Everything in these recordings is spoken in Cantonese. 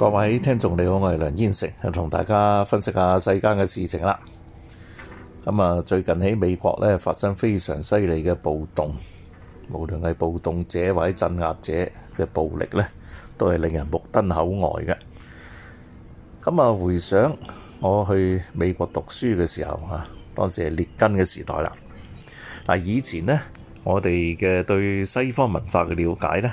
各位聽眾你好，我係梁燕城，同大家分析下世間嘅事情啦。咁啊，最近喺美國呢發生非常犀利嘅暴動，無論係暴動者或者鎮壓者嘅暴力呢，都係令人目瞪口呆嘅。咁啊，回想我去美國讀書嘅時候啊，當時係列根嘅時代啦。嗱，以前呢，我哋嘅對西方文化嘅了解呢，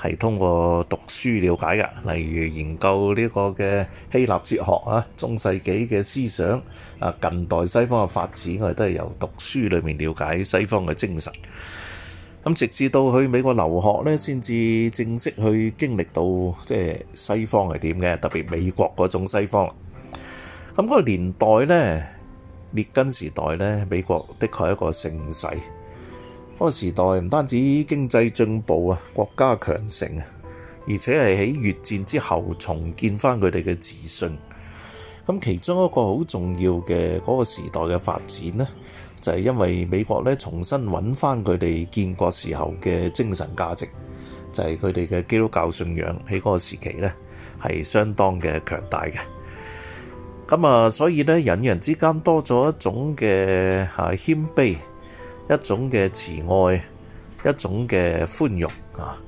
係通過讀書瞭解嘅，例如研究呢個嘅希臘哲學啊、中世紀嘅思想啊、近代西方嘅發展，我哋都係由讀書裏面瞭解西方嘅精神。咁直至到去美國留學呢，先至正式去經歷到即係西方係點嘅，特別美國嗰種西方。咁嗰個年代呢，列根時代呢，美國的確係一個盛世。嗰個時代唔單止經濟進步啊，國家強盛啊，而且係喺越戰之後重建翻佢哋嘅自信。咁其中一個好重要嘅嗰個時代嘅發展呢，就係因為美國咧，重新揾翻佢哋建國時候嘅精神價值，就係佢哋嘅基督教信仰喺嗰個時期呢係相當嘅強大嘅。咁啊，所以呢，人與人之間多咗一種嘅係謙卑。一種嘅慈愛，一種嘅寬容啊！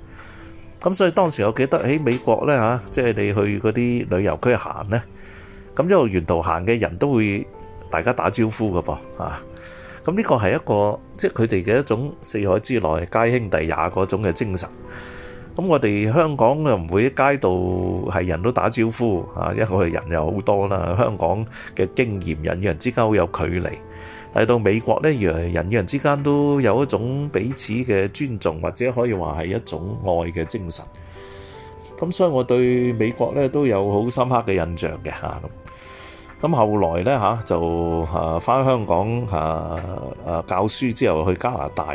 咁所以當時我記得喺美國咧嚇，即係你去嗰啲旅遊區行咧，咁一路沿途行嘅人都會大家打招呼嘅噃啊！咁呢個係一個即係佢哋嘅一種四海之內皆兄弟也嗰種嘅精神。咁我哋香港又唔會喺街道係人都打招呼啊，一個係人又好多啦，香港嘅經驗人與人之間好有距離。嚟到美國呢原來人與人之間都有一種彼此嘅尊重，或者可以話係一種愛嘅精神。咁所以我對美國呢都有好深刻嘅印象嘅嚇。咁咁後來呢、啊、就嚇返、啊、香港嚇啊，啊教書之後去加拿大。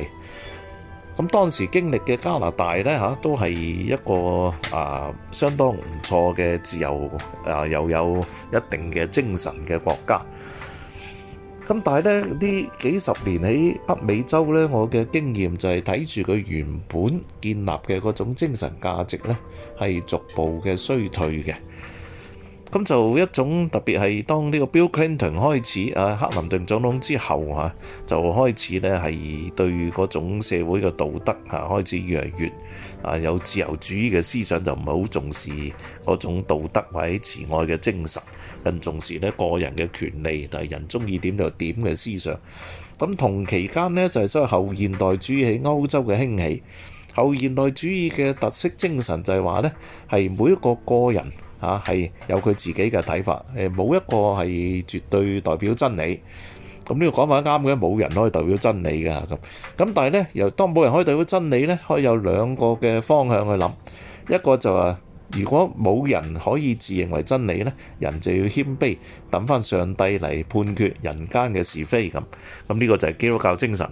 咁當時經歷嘅加拿大呢，嚇、啊、都係一個啊相當唔錯嘅自由啊又有一定嘅精神嘅國家。咁但係咧，呢幾十年喺北美洲咧，我嘅經驗就係睇住佢原本建立嘅嗰種精神價值呢，係逐步嘅衰退嘅。咁就一種特別係當呢個 Bill Clinton 開始啊，克林頓總統之後就開始咧，係對嗰種社會嘅道德啊，開始越嚟越啊，有自由主義嘅思想就唔係好重視嗰種道德或者慈愛嘅精神，更重視咧個人嘅權利，但係人中意點就點嘅思想。咁同期間呢，就係所謂後現代主義喺歐洲嘅興起，後現代主義嘅特色精神就係話呢，係每一個個人。嚇係有佢自己嘅睇法，誒冇一個係絕對代表真理，咁、這、呢個講法啱嘅，冇人可以代表真理嘅咁。咁但係咧，由當冇人可以代表真理咧，可以有兩個嘅方向去諗，一個就話、是、如果冇人可以自認為真理咧，人就要謙卑，等翻上帝嚟判決人間嘅是非咁。咁呢、這個就係基督教精神。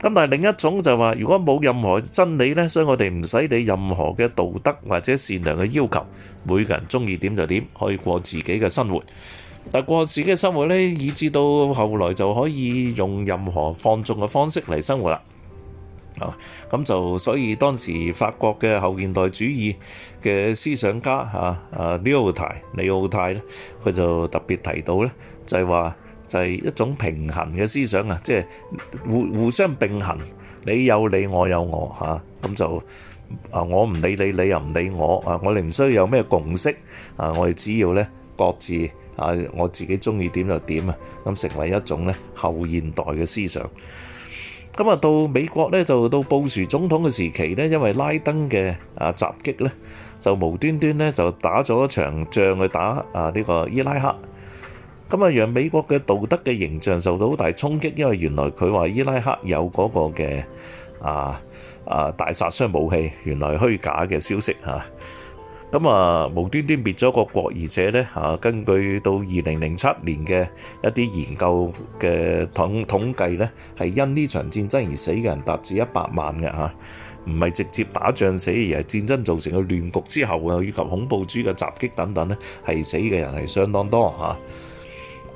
咁但係另一種就話，如果冇任何真理咧，所以我哋唔使理任何嘅道德或者善良嘅要求，每個人中意點就點，可以過自己嘅生活。但過自己嘅生活咧，以致到後來就可以用任何放縱嘅方式嚟生活啦。啊，咁就所以當時法國嘅後現代主義嘅思想家嚇啊，利奧泰利奧泰咧，佢就特別提到咧，就係話。就係一種平衡嘅思想啊，即係互互相並行，你有你，我有我嚇，咁就啊，就我唔理你，你又唔理我啊，我哋唔需要有咩共識啊，我哋只要咧各自啊，我自己中意點就點啊，咁成為一種咧後現代嘅思想。咁啊，到美國呢，就到布殊總統嘅時期咧，因為拉登嘅啊襲擊呢就無端端呢就打咗場仗去打啊呢個伊拉克。咁啊，讓美國嘅道德嘅形象受到好大衝擊，因為原來佢話伊拉克有嗰個嘅啊啊大殺傷武器，原來虛假嘅消息嚇。咁啊，無端端滅咗個國，而且咧嚇，根據到二零零七年嘅一啲研究嘅統統計咧，係因呢場戰爭而死嘅人達至一百萬嘅嚇，唔係直接打仗死，而係戰爭造成嘅亂局之後啊，以及恐怖主義嘅襲擊等等咧，係死嘅人係相當多嚇。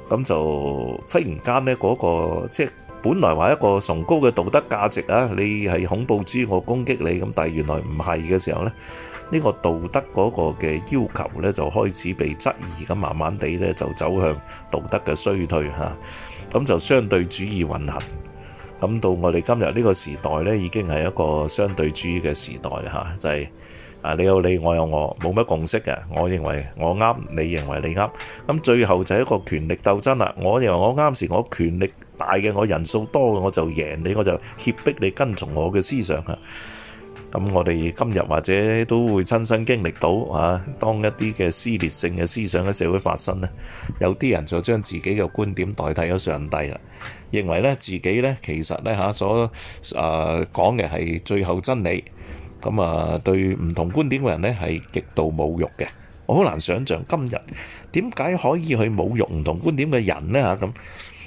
咁就忽然間呢、那、嗰個即係、就是、本來話一個崇高嘅道德價值啊，你係恐怖主義，我攻擊你咁，但係原來唔係嘅時候呢，呢、這個道德嗰個嘅要求呢，就開始被質疑咁，慢慢地呢，就走向道德嘅衰退嚇。咁就相對主義運行。咁到我哋今日呢個時代呢，已經係一個相對主義嘅時代嚇。就係。啊！你有你，我有我，冇乜共識嘅。我認為我啱，你認為你啱。咁最後就係一個權力鬥爭啦。我認為我啱時，我權力大嘅，我人數多嘅，我就贏你，我就脅迫你跟從我嘅思想啊！咁我哋今日或者都會親身經歷到啊，當一啲嘅撕裂性嘅思想喺社會發生咧，有啲人就將自己嘅觀點代替咗上帝啦，認為呢自己呢，其實呢，吓所誒講嘅係最後真理。咁啊，對唔同觀點嘅人呢，係極度侮辱嘅。我好難想像今日點解可以去侮辱唔同觀點嘅人呢嚇咁。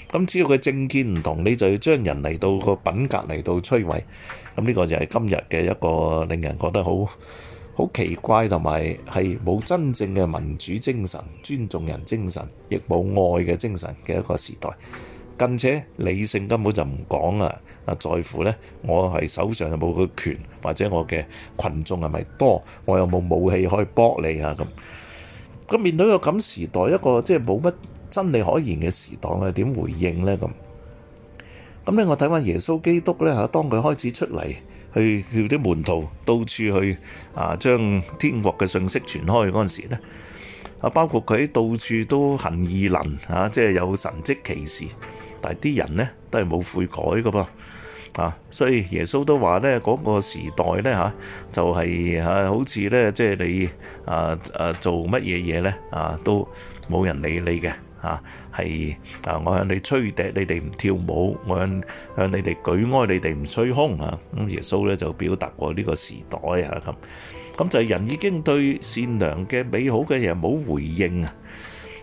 咁只要佢政見唔同，你就要將人嚟到個品格嚟到摧毀。咁呢個就係今日嘅一個令人覺得好好奇怪同埋係冇真正嘅民主精神、尊重人精神，亦冇愛嘅精神嘅一個時代。更且理性根本就唔講啊！在乎呢，我係手上有冇個權，或者我嘅群眾係咪多，我有冇武器可以搏你啊咁？咁面對一個咁時代，一個即係冇乜真理可言嘅時代咧，點回應呢？咁？咁咧，我睇翻耶穌基督咧，當佢開始出嚟去叫啲門徒到處去啊，將天國嘅信息傳開嗰陣時咧，啊，包括佢到處都行異能嚇，即、啊、係、就是、有神蹟奇事，但係啲人呢，都係冇悔改嘅噃。所以，耶穌都話呢，嗰個時代呢，就係，好似呢，即係你，做乜嘢嘢呢，都，冇人理你嘅，係，我向你吹笛，你哋唔跳舞，我向你哋舉哀，你哋唔吹胸。咁，耶穌呢，就表達過呢個時代，咁，就係人已經對善良嘅、美好嘅嘢冇回應，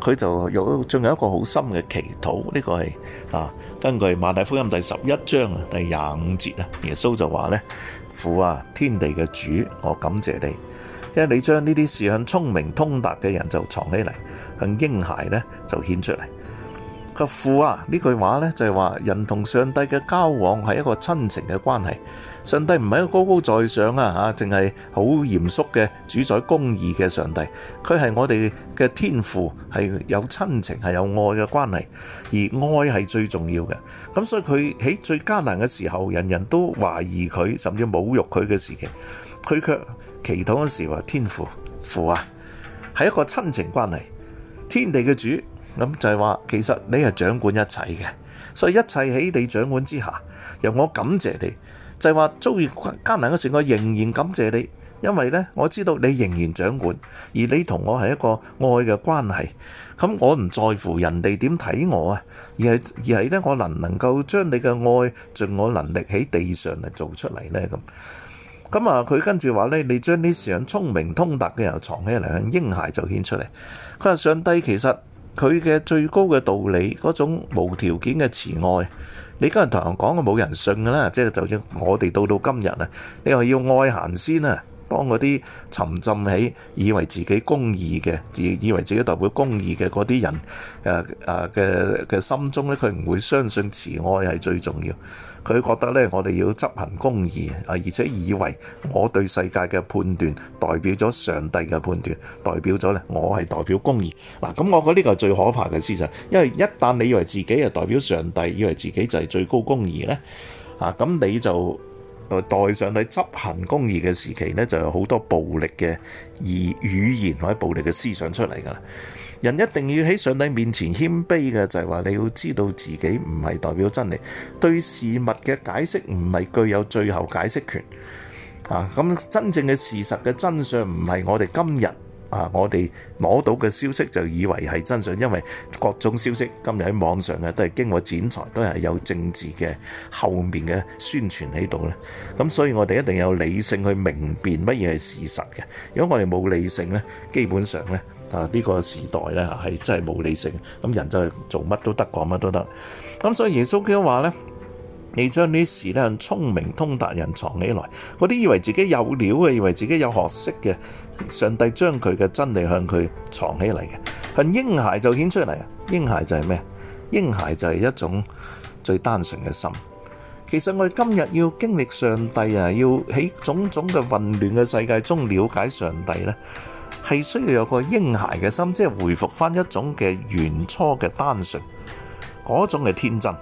佢就有仲有一個好深嘅祈禱，呢、這個係啊，根據馬太福音第十一章啊，第廿五節啊，耶穌就話呢父啊，天地嘅主，我感謝你，因為你將呢啲事向聰明通達嘅人就藏起嚟，向嬰孩呢就顯出嚟。佢父啊，呢句話呢，就係、是、話人同上帝嘅交往係一個親情嘅關係。上帝唔係一個高高在上啊，吓，淨係好嚴肅嘅主宰公義嘅上帝。佢係我哋嘅天父，係有親情，係有愛嘅關係。而愛係最重要嘅。咁所以佢喺最艱難嘅時候，人人都懷疑佢，甚至侮辱佢嘅時期，佢卻祈禱嗰時話天父，父啊，係一個親情關係。天地嘅主咁就係話，其實你係掌管一切嘅，所以一切喺你掌管之下，由我感謝你。就係話遭遇艱難嗰時，我仍然感謝你，因為呢，我知道你仍然掌管，而你同我係一個愛嘅關係。咁我唔在乎人哋點睇我啊，而係而係呢，我能唔能夠將你嘅愛盡我能力喺地上嚟做出嚟呢咁。咁啊，佢跟住話呢，你將啲向聰明通達嘅人藏起嚟，向嬰孩就顯出嚟。佢話上帝其實佢嘅最高嘅道理嗰種無條件嘅慈愛。你今日同人講，冇人信噶啦，即係就算我哋到到今日啊，你話要愛行先啊，當嗰啲沉浸喺以為自己公義嘅，自以為自己代表公義嘅嗰啲人，嘅、啊、嘅、啊、心中咧，佢唔會相信慈愛係最重要。佢覺得呢，我哋要執行公義啊，而且以為我對世界嘅判斷代表咗上帝嘅判斷，代表咗呢，我係代表公義。嗱，咁我覺得呢個係最可怕嘅思想，因為一旦你以為自己係代表上帝，以為自己就係最高公義呢，啊，咁你就代上帝執行公義嘅時期呢，就有好多暴力嘅而語言或者暴力嘅思想出嚟噶啦。人一定要喺上帝面前謙卑嘅，就係話你要知道自己唔係代表真理，對事物嘅解釋唔係具有最後解釋權。啊，咁真正嘅事實嘅真相唔係我哋今日啊，我哋攞到嘅消息就以為係真相，因為各種消息今日喺網上嘅都係經過剪裁，都係有政治嘅後面嘅宣傳喺度咧。咁所以我哋一定有理性去明辨乜嘢係事實嘅。如果我哋冇理性咧，基本上咧。啊！呢個時代咧係真係冇理性，咁人就係做乜都得，講乜都得。咁所以耶穌基督話咧：你將呢事咧，向聰明通達人藏起來，嗰啲以為自己有料嘅，以為自己有學識嘅，上帝將佢嘅真理向佢藏起嚟嘅。向嬰孩就顯出嚟啊！嬰孩就係咩？嬰孩就係一種最單純嘅心。其實我哋今日要經歷上帝啊，要喺種種嘅混亂嘅世界中了解上帝咧。係需要有個嬰孩嘅心，即係回復翻一種嘅原初嘅單純，嗰種嘅天真，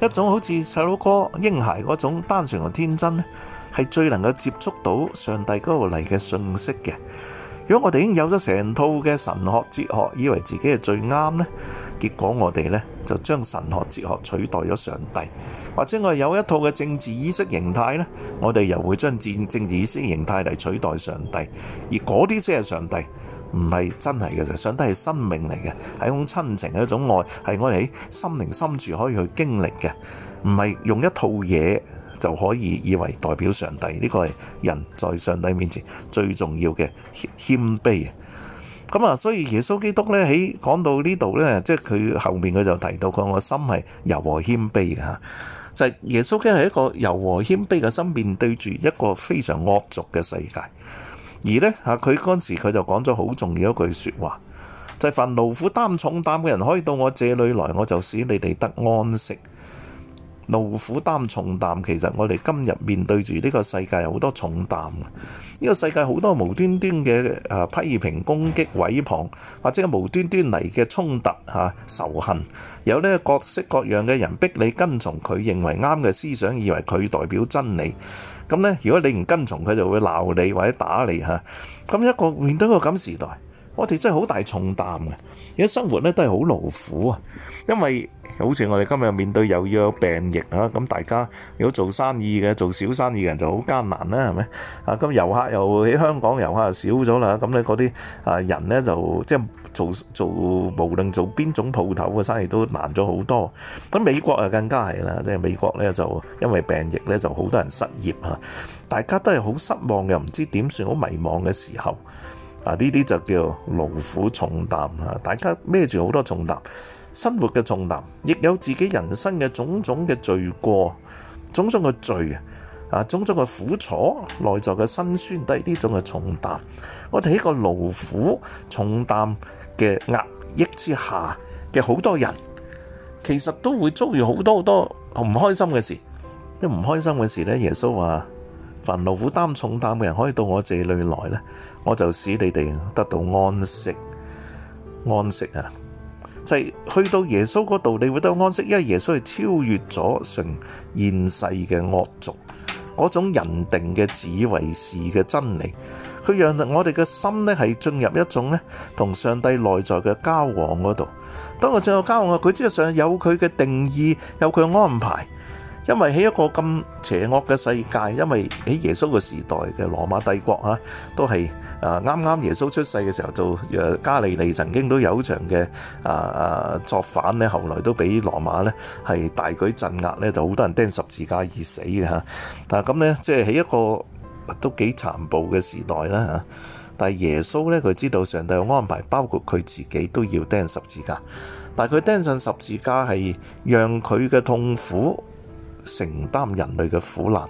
一種好似細佬哥嬰孩嗰種單純嘅天真呢，係最能夠接觸到上帝嗰度嚟嘅信息嘅。如果我哋已經有咗成套嘅神學哲學，以為自己係最啱呢，結果我哋呢，就將神學哲學取代咗上帝。或者我有一套嘅政治意識形態呢，我哋又會將政政治意識形態嚟取代上帝，而嗰啲先係上帝，唔係真係嘅。上帝係生命嚟嘅，係一種親情，係一種愛，係我哋喺心靈深處可以去經歷嘅，唔係用一套嘢就可以以為代表上帝。呢個係人在上帝面前最重要嘅謙卑。咁啊，所以耶穌基督呢，喺講到呢度呢，即係佢後面佢就提到佢個心係柔和謙卑嘅吓就係耶穌，佢係一個柔和謙卑嘅心，面對住一個非常惡俗嘅世界。而呢，嚇，佢嗰陣時佢就講咗好重要一句説話，就係、是、凡勞苦擔重擔嘅人，可以到我這裏來，我就使你哋得安息。勞苦擔重擔，其實我哋今日面對住呢個世界有好多重擔呢、這個世界好多無端端嘅批評、攻擊、毀謗或者無端端嚟嘅衝突嚇、啊、仇恨，有呢各式各樣嘅人逼你跟從佢認為啱嘅思想，以為佢代表真理。咁呢，如果你唔跟從佢，就會鬧你或者打你嚇。咁、啊、一個面對一個咁時代。我哋真係好大重擔嘅，而家生活咧都係好勞苦啊！因為好似我哋今日面對又要有病疫啊，咁大家如果做生意嘅做小生意嘅人就好艱難啦，係咪？啊，咁遊客又喺香港遊客又少咗啦，咁咧嗰啲啊人咧就即係做做無論做邊種鋪頭嘅生意都難咗好多。咁美國啊更加係啦，即係美國咧就因為病疫咧就好多人失業啊，大家都係好失望嘅，又唔知點算，好迷茫嘅時候。啊！呢啲就叫勞苦重擔啊！大家孭住好多重擔，生活嘅重擔，亦有自己人生嘅種種嘅罪過，種種嘅罪啊，啊，種種嘅苦楚，內在嘅辛酸，都係呢種嘅重擔。我哋喺個勞苦重擔嘅壓抑之下嘅好多人，其實都會遭遇好多好多唔開心嘅事。因唔開心嘅事咧，耶穌話。凡勞苦擔重擔嘅人，可以到我這裏來咧，我就使你哋得到安息，安息啊！就係去到耶穌嗰度，你會得到安息，因為耶穌係超越咗成現世嘅惡俗，嗰種人定嘅自以為是嘅真理，佢讓我哋嘅心咧係進入一種咧同上帝內在嘅交往嗰度。當我進入交往嘅，佢之上有佢嘅定義，有佢嘅安排。因為喺一個咁邪惡嘅世界，因為喺耶穌嘅時代嘅羅馬帝國嚇、啊，都係誒啱啱耶穌出世嘅時候就誒加利利曾經都有一場嘅誒、啊啊、作反咧，後來都俾羅馬咧係大舉鎮壓咧，就好多人釘十字架而死嘅嚇、啊。但係咁咧，即係喺一個都幾殘暴嘅時代啦嚇、啊。但係耶穌咧，佢知道上帝有安排，包括佢自己都要釘十字架，但係佢釘上十字架係讓佢嘅痛苦承擔人類嘅苦難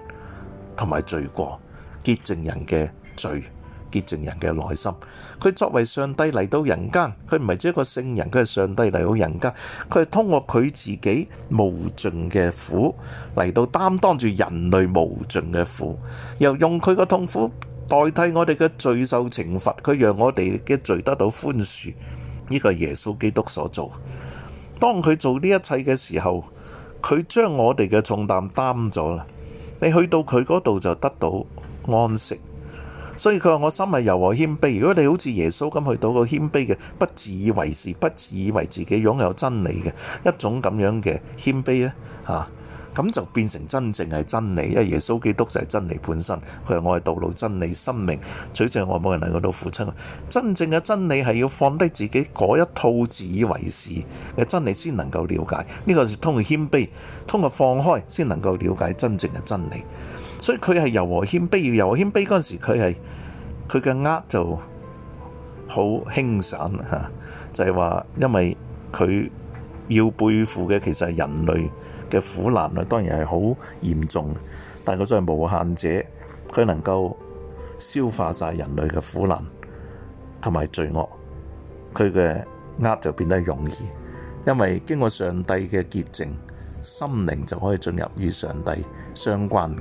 同埋罪過，潔淨人嘅罪，潔淨人嘅內心。佢作為上帝嚟到人間，佢唔係只一個聖人，佢係上帝嚟到人間。佢係通過佢自己無盡嘅苦嚟到擔當住人類無盡嘅苦，又用佢個痛苦代替我哋嘅罪受懲罰。佢讓我哋嘅罪得到寬恕。呢個係耶穌基督所做。當佢做呢一切嘅時候。佢將我哋嘅重擔擔咗啦，你去到佢嗰度就得到安息，所以佢話我心係柔和謙卑。如果你好似耶穌咁去到個謙卑嘅，不自以為是，不自以為自己擁有真理嘅一種咁樣嘅謙卑咧，嚇、啊。咁就變成真正係真理，因為耶穌基督就係真理本身。佢係我係道路真、真理、生命，取正我冇人能夠到父親。真正嘅真理係要放低自己嗰一套自以為是嘅真理，先能夠了解。呢、呢個係通過謙卑，通過放開，先能夠了解真正嘅真理。所以佢係柔和謙卑，要柔和謙卑嗰陣時，佢係佢嘅軛就好輕省、啊、就係話，因為佢要背負嘅其實係人類嘅苦難啊，當然係好嚴重。但係佢作為無限者，佢能夠消化晒人類嘅苦難同埋罪惡，佢嘅軛就變得容易，因為經過上帝嘅潔淨，心靈就可以進入與上帝相關。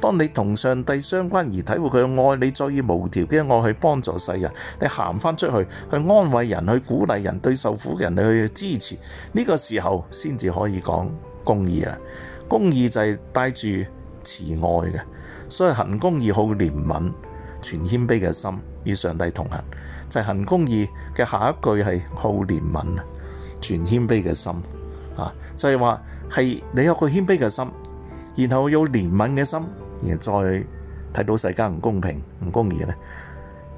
當你同上帝相關而體會佢嘅愛，你再以無條件嘅愛去幫助世人，你行翻出去去安慰人，去鼓勵人，對受苦嘅人你去支持呢、這個時候，先至可以講。公義啊，公義就係帶住慈愛嘅，所以行公義好憐憫，存謙卑嘅心，與上帝同行。就係、是、行公義嘅下一句係好憐憫啊，存謙卑嘅心啊，就係話係你有個謙卑嘅心，然後有憐憫嘅心，然後再睇到世界唔公平、唔公義咧，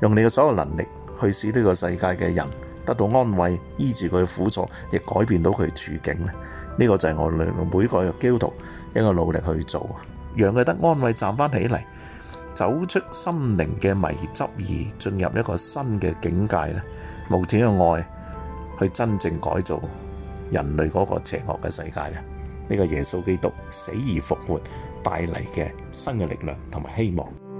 用你嘅所有能力去使呢個世界嘅人，得到安慰，醫治佢苦楚，亦改變到佢處境咧。呢、這個就係我每個基督徒一個努力去做，讓佢得安慰，站翻起嚟，走出心靈嘅迷執而進入一個新嘅境界咧。無條件嘅愛去真正改造人類嗰個邪惡嘅世界咧。呢、這個耶穌基督死而復活帶嚟嘅新嘅力量同埋希望。